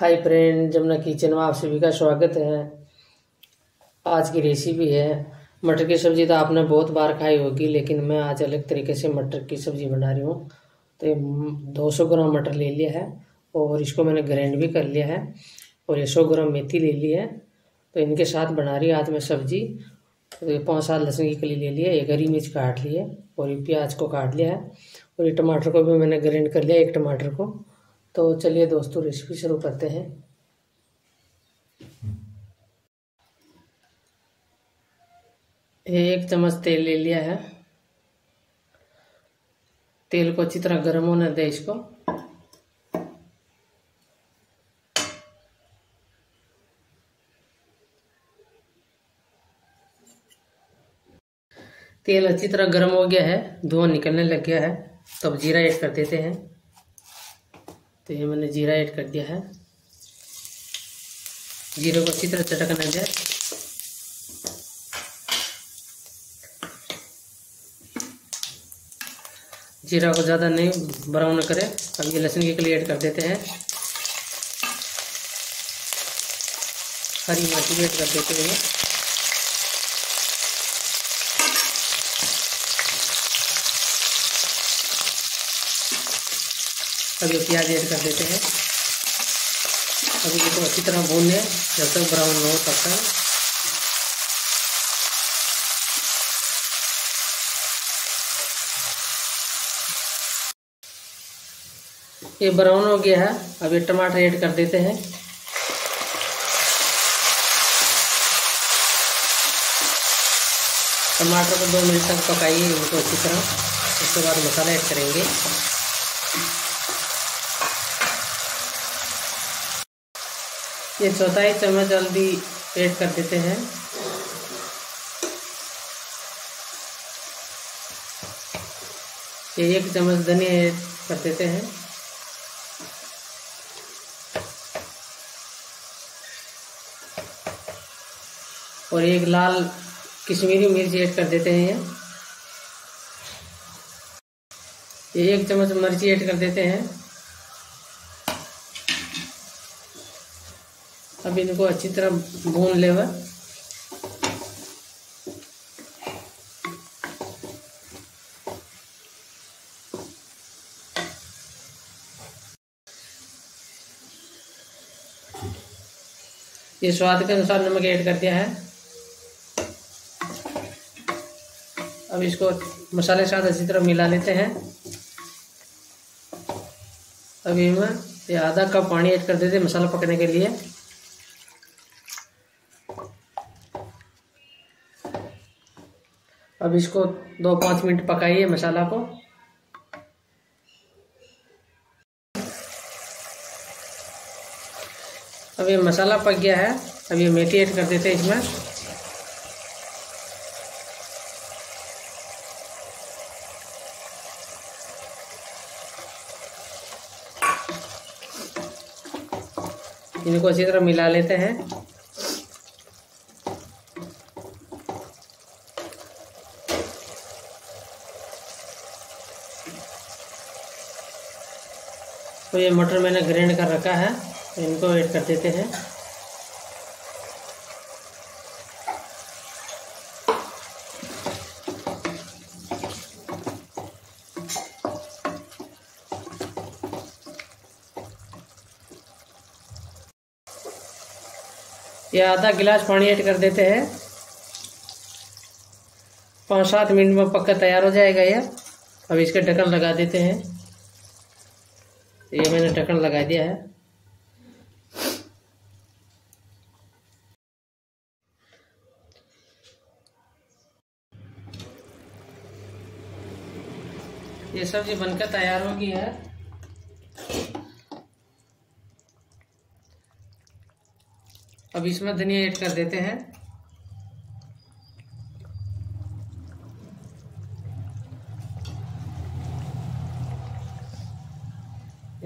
हाय friend Jamuna kitchen में आप सभी का स्वागत है आज की रेसिपी है मटर की सब्ज़ी तो आपने बहुत बार खाई होगी लेकिन मैं आज अलग तरीके से मटर की सब्ज़ी बना रही हूँ तो दो सौ ग्राम मटर ले लिया है और इसको मैंने ग्राइंड भी कर लिया है और ये सौ ग्राम मेथी ले ली है तो इनके साथ बना रही आज मैं सब्ज़ी तो ये पाँच सात लहसुन की कली ले लिया एक ये हरी मिर्च काट ली है और ये प्याज को काट लिया है और ये टमाटर को भी मैंने ग्राइंड कर लिया एक टमाटर को तो चलिए दोस्तों रेसिपी शुरू करते हैं ये एक चम्मच तेल ले लिया है तेल को अच्छी तरह गर्म होने दें इसको तेल अच्छी तरह गर्म हो गया है धुआं निकलने लग गया है तब तो जीरा ऐड कर देते हैं तो ये मैंने जीरा ऐड कर दिया है जीरे को अच्छी तरह चटकना जाए जीरा को ज़्यादा नहीं ब्राउन करें अब ये लहसुन के लिए ऐड कर देते हैं हरी मिर्च भी ऐड कर देते हैं अभी प्याज ऐड कर देते हैं अभी इसको अच्छी तरह भून लें जब तक ब्राउन हो तब तक ये ब्राउन हो गया है अब ये टमाटर ऐड कर देते हैं टमाटर को दो मिनट तक पकाइए इनको अच्छी तरह उसके बाद मसाला ऐड करेंगे ये चौथाई चम्मच हल्दी ऐड कर देते हैं ये एक चम्मच धनिया ऐड कर देते हैं और एक लाल कश्मीरी मिर्च ऐड कर देते हैं ये ये एक चम्मच मिर्ची ऐड कर देते हैं अब इनको अच्छी तरह भून लेवा ये स्वाद के अनुसार नमक ऐड कर दिया है अब इसको मसाले के साथ अच्छी तरह मिला लेते हैं अभी मैं ये आधा कप पानी ऐड कर देते मसाला पकने के लिए अब इसको दो पाँच मिनट पकाइए मसाला को अब ये मसाला पक गया है अब ये मेथी ऐड कर देते हैं इसमें इनको अच्छी तरह मिला लेते हैं तो ये मटर मैंने ग्रैंड कर रखा है तो इनको ऐड कर देते हैं ये आधा गिलास पानी ऐड कर देते हैं पाँच सात मिनट में पक्का तैयार हो जाएगा यह अब इसका ढक्कन लगा देते हैं तो ये मैंने ढक्कन लगा दिया है ये सब्जी बनकर तैयार हो गई है अब इसमें धनिया ऐड कर देते हैं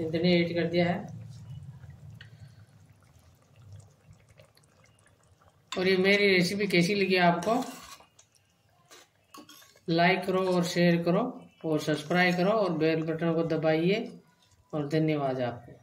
हिंद ने एडिट कर दिया है और ये मेरी रेसिपी कैसी लगी आपको लाइक करो और शेयर करो और सब्सक्राइब करो और बेल बटन को दबाइए और धन्यवाद आपको